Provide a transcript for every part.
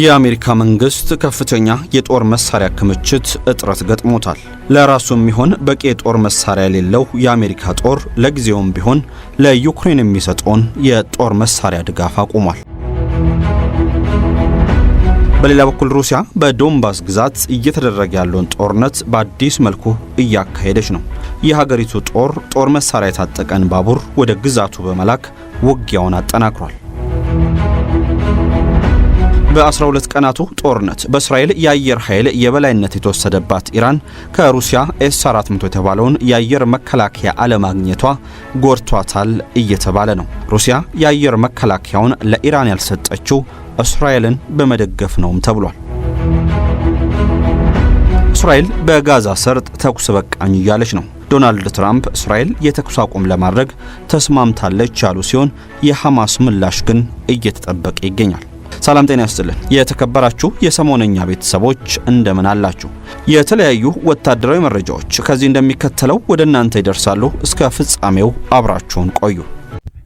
የአሜሪካ መንግስት ከፍተኛ የጦር መሳሪያ ክምችት እጥረት ገጥሞታል። ለራሱም ቢሆን በቂ የጦር መሳሪያ የሌለው የአሜሪካ ጦር ለጊዜውም ቢሆን ለዩክሬን የሚሰጠውን የጦር መሳሪያ ድጋፍ አቁሟል። በሌላ በኩል ሩሲያ በዶንባስ ግዛት እየተደረገ ያለውን ጦርነት በአዲስ መልኩ እያካሄደች ነው። የሀገሪቱ ጦር ጦር መሳሪያ የታጠቀን ባቡር ወደ ግዛቱ በመላክ ውጊያውን አጠናክሯል። በ12 ቀናቱ ጦርነት በእስራኤል የአየር ኃይል የበላይነት የተወሰደባት ኢራን ከሩሲያ ኤስ 400 የተባለውን የአየር መከላከያ አለማግኘቷ ጎድቷታል እየተባለ ነው። ሩሲያ የአየር መከላከያውን ለኢራን ያልሰጠችው እስራኤልን በመደገፍ ነውም ተብሏል። እስራኤል በጋዛ ሰርጥ ተኩስ በቃኝ እያለች ነው። ዶናልድ ትራምፕ እስራኤል የተኩስ አቁም ለማድረግ ተስማምታለች ያሉ ሲሆን የሐማስ ምላሽ ግን እየተጠበቀ ይገኛል። ሰላም ጤና ይስጥልን። የተከበራችሁ የሰሞነኛ ቤተሰቦች እንደምን አላችሁ? የተለያዩ ወታደራዊ መረጃዎች ከዚህ እንደሚከተለው ወደ እናንተ ይደርሳሉ። እስከ ፍጻሜው አብራችሁን ቆዩ።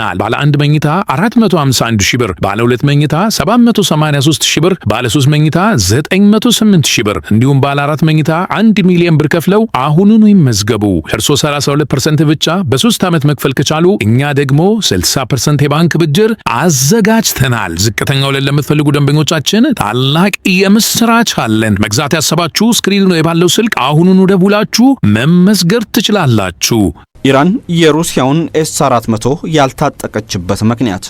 ጨምረናል። ባለ አንድ መኝታ 451 ሺህ ብር፣ ባለ ሁለት መኝታ 783 ሺህ ብር፣ ባለ ሶስት መኝታ 908 ሺህ ብር እንዲሁም ባለ አራት መኝታ 1 ሚሊዮን ብር ከፍለው አሁኑኑ ይመዝገቡ። እርሶ 32% ብቻ በ3 ዓመት መክፈል ከቻሉ እኛ ደግሞ 60% የባንክ ብድር አዘጋጅተናል። ዝቅተኛው ለምትፈልጉ ደንበኞቻችን ታላቅ የምስራች አለን። መግዛት ያሰባችሁ ስክሪኑ ላይ ስልክ አሁኑኑ ደውላችሁ መመዝገር ትችላላችሁ። ኢራን የሩሲያውን ኤስ 400 ያልታጠቀችበት ምክንያት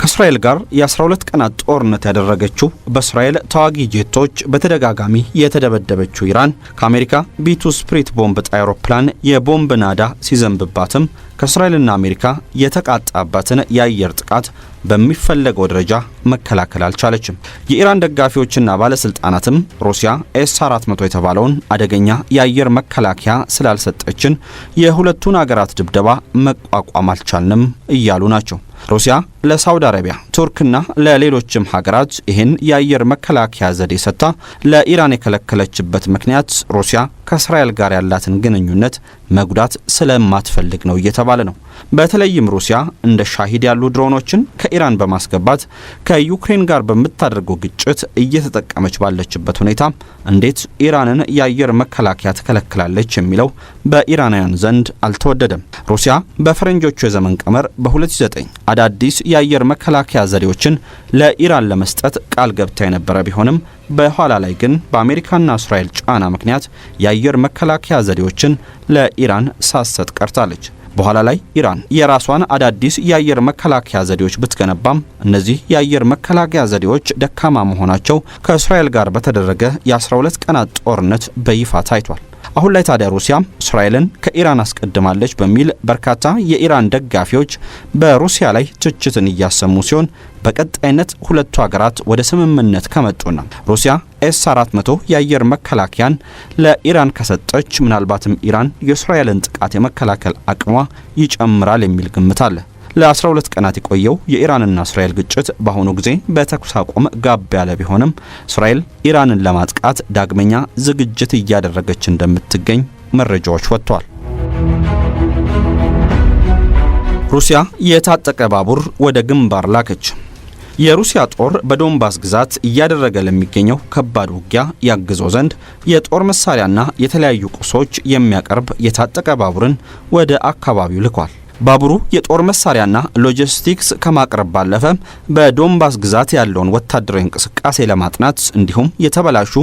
ከእስራኤል ጋር የ12 ቀናት ጦርነት ያደረገችው በእስራኤል ተዋጊ ጄቶች በተደጋጋሚ የተደበደበችው ኢራን ከአሜሪካ ቢቱ ስፕሪት ቦምብ ጣይ አውሮፕላን የቦምብ ናዳ ሲዘንብባትም ከእስራኤልና አሜሪካ የተቃጣባትን የአየር ጥቃት በሚፈለገው ደረጃ መከላከል አልቻለችም። የኢራን ደጋፊዎችና ባለስልጣናትም ሩሲያ ኤስ 400 የተባለውን አደገኛ የአየር መከላከያ ስላልሰጠችን የሁለቱን አገራት ድብደባ መቋቋም አልቻልንም እያሉ ናቸው። ሩሲያ ለሳውዲ አረቢያ፣ ቱርክና ለሌሎችም ሀገራት ይህን የአየር መከላከያ ዘዴ ሰጥታ ለኢራን የከለከለችበት ምክንያት ሩሲያ ከእስራኤል ጋር ያላትን ግንኙነት መጉዳት ስለማትፈልግ ነው እየተባለ ነው። በተለይም ሩሲያ እንደ ሻሂድ ያሉ ድሮኖችን ከኢራን በማስገባት ከዩክሬን ጋር በምታደርገው ግጭት እየተጠቀመች ባለችበት ሁኔታ እንዴት ኢራንን የአየር መከላከያ ትከለክላለች የሚለው በኢራናውያን ዘንድ አልተወደደም። ሩሲያ በፈረንጆቹ የዘመን ቀመር በ2009 አዳዲስ የአየር መከላከያ ዘዴዎችን ለኢራን ለመስጠት ቃል ገብታ የነበረ ቢሆንም በኋላ ላይ ግን በአሜሪካና እስራኤል ጫና ምክንያት የአየር መከላከያ ዘዴዎችን ለኢራን ሳሰጥ ቀርታለች። በኋላ ላይ ኢራን የራሷን አዳዲስ የአየር መከላከያ ዘዴዎች ብትገነባም እነዚህ የአየር መከላከያ ዘዴዎች ደካማ መሆናቸው ከእስራኤል ጋር በተደረገ የ12 ቀናት ጦርነት በይፋ ታይቷል። አሁን ላይ ታዲያ ሩሲያ እስራኤልን ከኢራን አስቀድማለች በሚል በርካታ የኢራን ደጋፊዎች በሩሲያ ላይ ትችትን እያሰሙ ሲሆን በቀጣይነት ሁለቱ ሀገራት ወደ ስምምነት ከመጡና ሩሲያ ኤስ 400 የአየር መከላከያን ለኢራን ከሰጠች ምናልባትም ኢራን የእስራኤልን ጥቃት የመከላከል አቅሟ ይጨምራል የሚል ግምት አለ። ለ12 ቀናት የቆየው የኢራንና እስራኤል ግጭት በአሁኑ ጊዜ በተኩስ አቁም ጋብ ያለ ቢሆንም እስራኤል ኢራንን ለማጥቃት ዳግመኛ ዝግጅት እያደረገች እንደምትገኝ መረጃዎች ወጥቷል። ሩሲያ የታጠቀ ባቡር ወደ ግንባር ላከች። የሩሲያ ጦር በዶንባስ ግዛት እያደረገ ለሚገኘው ከባድ ውጊያ ያግዘው ዘንድ የጦር መሳሪያና የተለያዩ ቁሶች የሚያቀርብ የታጠቀ ባቡርን ወደ አካባቢው ልኳል። ባቡሩ የጦር መሳሪያና ሎጂስቲክስ ከማቅረብ ባለፈ በዶንባስ ግዛት ያለውን ወታደራዊ እንቅስቃሴ ለማጥናት እንዲሁም የተበላሹ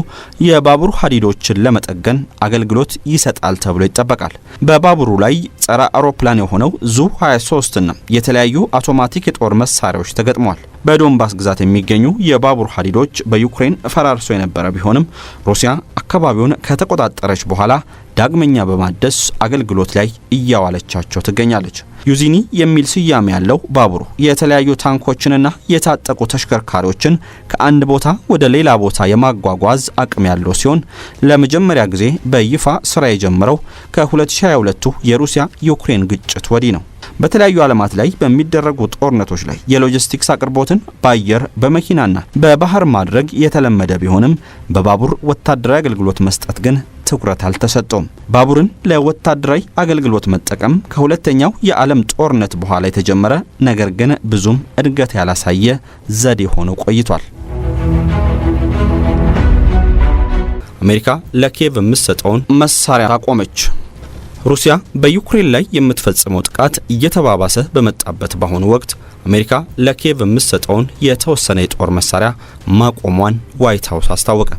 የባቡር ሀዲዶችን ለመጠገን አገልግሎት ይሰጣል ተብሎ ይጠበቃል። በባቡሩ ላይ ጸረ አውሮፕላን የሆነው ዙ 23ና የተለያዩ አውቶማቲክ የጦር መሳሪያዎች ተገጥመዋል። በዶንባስ ግዛት የሚገኙ የባቡር ሀዲዶች በዩክሬን ፈራርሶ የነበረ ቢሆንም ሩሲያ አካባቢውን ከተቆጣጠረች በኋላ ዳግመኛ በማደስ አገልግሎት ላይ እያዋለቻቸው ትገኛለች። ዩዚኒ የሚል ስያሜ ያለው ባቡሩ የተለያዩ ታንኮችንና የታጠቁ ተሽከርካሪዎችን ከአንድ ቦታ ወደ ሌላ ቦታ የማጓጓዝ አቅም ያለው ሲሆን ለመጀመሪያ ጊዜ በይፋ ስራ የጀመረው ከ2022 የሩሲያ ዩክሬን ግጭት ወዲህ ነው። በተለያዩ ዓለማት ላይ በሚደረጉ ጦርነቶች ላይ የሎጂስቲክስ አቅርቦትን በአየር በመኪናና በባህር ማድረግ የተለመደ ቢሆንም በባቡር ወታደራዊ አገልግሎት መስጠት ግን ትኩረት አልተሰጠውም። ባቡርን ለወታደራዊ አገልግሎት መጠቀም ከሁለተኛው የዓለም ጦርነት በኋላ የተጀመረ ነገር ግን ብዙም እድገት ያላሳየ ዘዴ ሆኖ ቆይቷል። አሜሪካ ለኪየቭ የምትሰጠውን መሳሪያ አቆመች። ሩሲያ በዩክሬን ላይ የምትፈጽመው ጥቃት እየተባባሰ በመጣበት በአሁኑ ወቅት አሜሪካ ለኪየቭ የምትሰጠውን የተወሰነ የጦር መሳሪያ ማቆሟን ዋይት ሀውስ አስታወቀ።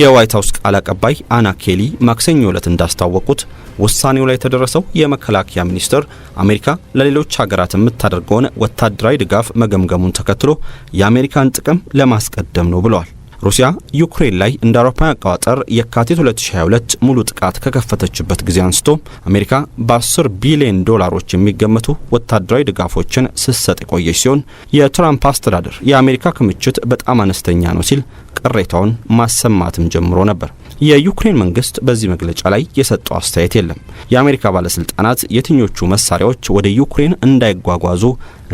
የዋይት ሀውስ ቃል አቀባይ አና ኬሊ ማክሰኞ ዕለት እንዳስታወቁት ውሳኔው ላይ የተደረሰው የመከላከያ ሚኒስትር አሜሪካ ለሌሎች ሀገራት የምታደርገውን ወታደራዊ ድጋፍ መገምገሙን ተከትሎ የአሜሪካን ጥቅም ለማስቀደም ነው ብለዋል። ሩሲያ ዩክሬን ላይ እንደ አውሮፓውያን አቆጣጠር የካቲት 2022 ሙሉ ጥቃት ከከፈተችበት ጊዜ አንስቶ አሜሪካ በ10 ቢሊዮን ዶላሮች የሚገመቱ ወታደራዊ ድጋፎችን ስትሰጥ የቆየች ሲሆን የትራምፕ አስተዳደር የአሜሪካ ክምችት በጣም አነስተኛ ነው ሲል ቅሬታውን ማሰማትም ጀምሮ ነበር። የዩክሬን መንግስት በዚህ መግለጫ ላይ የሰጠው አስተያየት የለም። የአሜሪካ ባለስልጣናት የትኞቹ መሳሪያዎች ወደ ዩክሬን እንዳይጓጓዙ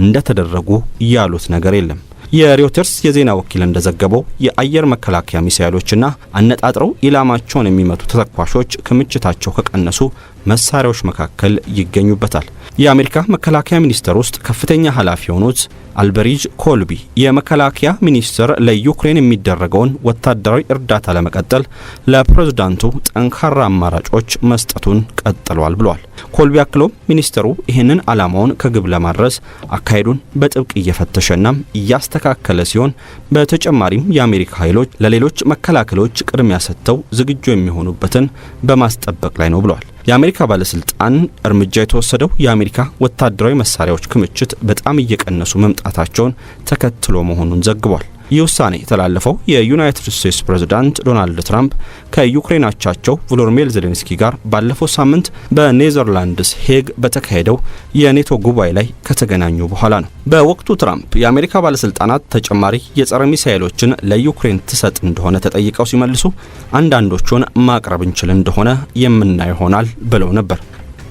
እንደተደረጉ ያሉት ነገር የለም። የሪውተርስ የዜና ወኪል እንደዘገበው የአየር መከላከያ ሚሳይሎችና አነጣጥረው ኢላማቸውን የሚመቱ ተተኳሾች ክምችታቸው ከቀነሱ መሳሪያዎች መካከል ይገኙበታል። የአሜሪካ መከላከያ ሚኒስቴር ውስጥ ከፍተኛ ኃላፊ የሆኑት አልበሪጅ ኮልቢ የመከላከያ ሚኒስቴር ለዩክሬን የሚደረገውን ወታደራዊ እርዳታ ለመቀጠል ለፕሬዝዳንቱ ጠንካራ አማራጮች መስጠቱን ቀጥሏል ብሏል። ኮልቢ አክሎም ሚኒስቴሩ ይህንን ዓላማውን ከግብ ለማድረስ አካሄዱን በጥብቅ እየፈተሸና እያስተካከለ ሲሆን በተጨማሪም የአሜሪካ ኃይሎች ለሌሎች መከላከሎች ቅድሚያ ሰጥተው ዝግጁ የሚሆኑበትን በማስጠበቅ ላይ ነው ብሏል። የአሜሪካ ባለስልጣን እርምጃ የተወሰደው የአሜሪካ ወታደራዊ መሳሪያዎች ክምችት በጣም እየቀነሱ መምጣታቸውን ተከትሎ መሆኑን ዘግቧል። ይህ ውሳኔ የተላለፈው የዩናይትድ ስቴትስ ፕሬዝዳንት ዶናልድ ትራምፕ ከዩክሬን አቻቸው ቮሎድሚር ዜሌንስኪ ጋር ባለፈው ሳምንት በኔዘርላንድስ ሄግ በተካሄደው የኔቶ ጉባኤ ላይ ከተገናኙ በኋላ ነው። በወቅቱ ትራምፕ የአሜሪካ ባለስልጣናት ተጨማሪ የጸረ ሚሳኤሎችን ለዩክሬን ትሰጥ እንደሆነ ተጠይቀው ሲመልሱ አንዳንዶቹን ማቅረብ እንችል እንደሆነ የምናይ ይሆናል ብለው ነበር።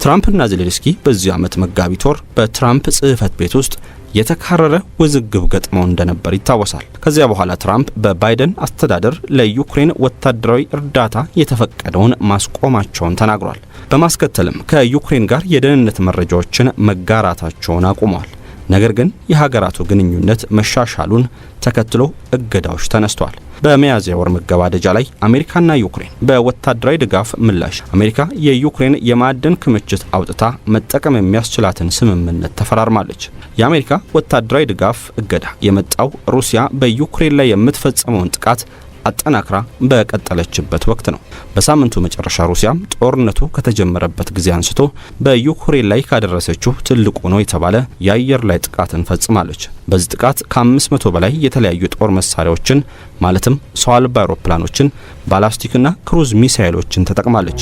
ትራምፕና ዜሌንስኪ በዚህ ዓመት መጋቢት ወር በትራምፕ ጽህፈት ቤት ውስጥ የተካረረ ውዝግብ ገጥመው እንደነበር ይታወሳል። ከዚያ በኋላ ትራምፕ በባይደን አስተዳደር ለዩክሬን ወታደራዊ እርዳታ የተፈቀደውን ማስቆማቸውን ተናግሯል። በማስከተልም ከዩክሬን ጋር የደህንነት መረጃዎችን መጋራታቸውን አቁመዋል። ነገር ግን የሀገራቱ ግንኙነት መሻሻሉን ተከትሎ እገዳዎች ተነስተዋል። በሚያዝያ ወር መገባደጃ ላይ አሜሪካና ዩክሬን በወታደራዊ ድጋፍ ምላሽ አሜሪካ የዩክሬን የማዕድን ክምችት አውጥታ መጠቀም የሚያስችላትን ስምምነት ተፈራርማለች። የአሜሪካ ወታደራዊ ድጋፍ እገዳ የመጣው ሩሲያ በዩክሬን ላይ የምትፈጸመውን ጥቃት አጠናክራ በቀጠለችበት ወቅት ነው። በሳምንቱ መጨረሻ ሩሲያም ጦርነቱ ከተጀመረበት ጊዜ አንስቶ በዩክሬን ላይ ካደረሰችው ትልቁ ነው የተባለ የአየር ላይ ጥቃትን ፈጽማለች። በዚህ ጥቃት ከ500 በላይ የተለያዩ ጦር መሳሪያዎችን ማለትም ሰው አልባ አውሮፕላኖችን፣ ባላስቲክና ክሩዝ ሚሳይሎችን ተጠቅማለች።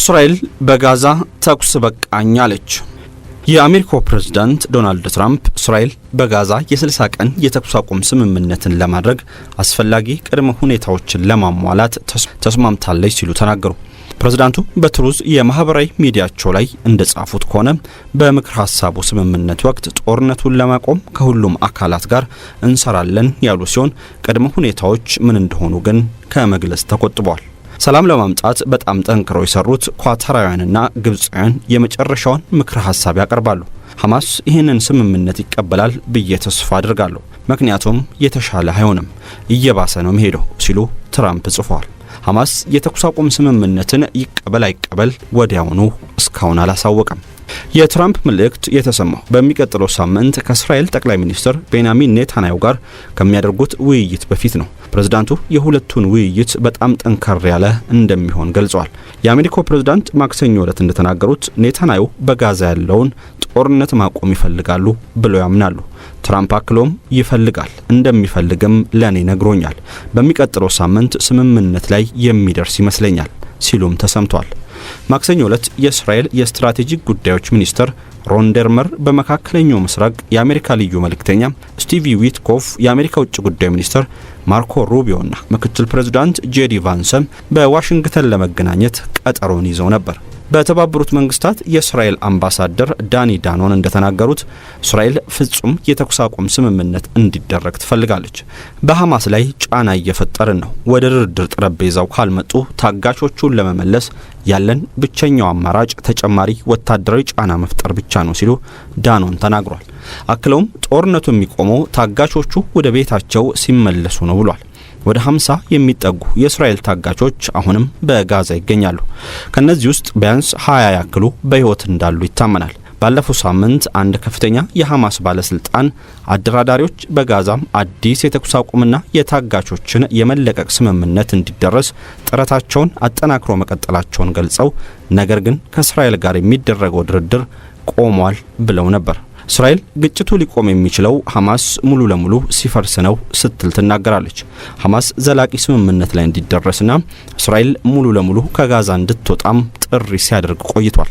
እስራኤል በጋዛ ተኩስ በቃኝ አለች። የአሜሪካው ፕሬዝዳንት ዶናልድ ትራምፕ እስራኤል በጋዛ የ60 ቀን የተኩስ አቁም ስምምነትን ለማድረግ አስፈላጊ ቅድመ ሁኔታዎችን ለማሟላት ተስማምታለች ሲሉ ተናገሩ። ፕሬዝዳንቱ በትሩዝ የማህበራዊ ሚዲያቸው ላይ እንደጻፉት ከሆነ በምክር ሀሳቡ ስምምነት ወቅት ጦርነቱን ለማቆም ከሁሉም አካላት ጋር እንሰራለን ያሉ ሲሆን ቅድመ ሁኔታዎች ምን እንደሆኑ ግን ከመግለጽ ተቆጥበዋል። ሰላም ለማምጣት በጣም ጠንክረው የሰሩት ኳታራውያንና ግብፃውያን የመጨረሻውን ምክረ ሀሳብ ያቀርባሉ። ሐማስ ይህንን ስምምነት ይቀበላል ብዬ ተስፋ አድርጋለሁ፣ ምክንያቱም የተሻለ አይሆንም፣ እየባሰ ነው መሄደው ሲሉ ትራምፕ ጽፏል። ሐማስ የተኩስ አቁም ስምምነትን ይቀበል አይቀበል ወዲያውኑ እስካሁን አላሳወቀም። የትራምፕ መልእክት የተሰማው በሚቀጥለው ሳምንት ከእስራኤል ጠቅላይ ሚኒስትር ቤንያሚን ኔታንያሁ ጋር ከሚያደርጉት ውይይት በፊት ነው። ፕሬዝዳንቱ የሁለቱን ውይይት በጣም ጠንከር ያለ እንደሚሆን ገልጿል። የአሜሪካው ፕሬዝዳንት ማክሰኞ ዕለት እንደተናገሩት ኔታንያሁ በጋዛ ያለውን ጦርነት ማቆም ይፈልጋሉ ብለው ያምናሉ። ትራምፕ አክሎም ይፈልጋል እንደሚፈልግም ለእኔ ነግሮኛል፣ በሚቀጥለው ሳምንት ስምምነት ላይ የሚደርስ ይመስለኛል ሲሉም ተሰምቷል። ማክሰኞ ዕለት የእስራኤል የስትራቴጂክ ጉዳዮች ሚኒስትር ሮንደርመር በመካከለኛው ምስራቅ የአሜሪካ ልዩ መልእክተኛ ስቲቪ ዊትኮፍ፣ የአሜሪካ ውጭ ጉዳይ ሚኒስትር ማርኮ ሩቢዮና ምክትል ፕሬዚዳንት ጄዲ ቫንሰም በዋሽንግተን ለመገናኘት ቀጠሮን ይዘው ነበር። በተባበሩት መንግስታት የእስራኤል አምባሳደር ዳኒ ዳኖን እንደተናገሩት እስራኤል ፍጹም የተኩስ አቁም ስምምነት እንዲደረግ ትፈልጋለች። በሐማስ ላይ ጫና እየፈጠርን ነው። ወደ ድርድር ጠረጴዛው ካልመጡ ታጋቾቹን ለመመለስ ያለን ብቸኛው አማራጭ ተጨማሪ ወታደራዊ ጫና መፍጠር ብቻ ነው ሲሉ ዳኖን ተናግሯል። አክለውም ጦርነቱ የሚቆመው ታጋቾቹ ወደ ቤታቸው ሲመለሱ ነው ብሏል። ወደ 50 የሚጠጉ የእስራኤል ታጋቾች አሁንም በጋዛ ይገኛሉ። ከነዚህ ውስጥ ቢያንስ 20 ያክሉ በሕይወት እንዳሉ ይታመናል። ባለፈው ሳምንት አንድ ከፍተኛ የሐማስ ባለስልጣን አደራዳሪዎች በጋዛም አዲስ የተኩስ አቁምና የታጋቾችን የመለቀቅ ስምምነት እንዲደረስ ጥረታቸውን አጠናክሮ መቀጠላቸውን ገልጸው ነገር ግን ከእስራኤል ጋር የሚደረገው ድርድር ቆሟል ብለው ነበር። እስራኤል ግጭቱ ሊቆም የሚችለው ሐማስ ሙሉ ለሙሉ ሲፈርስ ነው ስትል ትናገራለች። ሐማስ ዘላቂ ስምምነት ላይ እንዲደረስና እስራኤል ሙሉ ለሙሉ ከጋዛ እንድትወጣም ጥሪ ሲያደርግ ቆይቷል።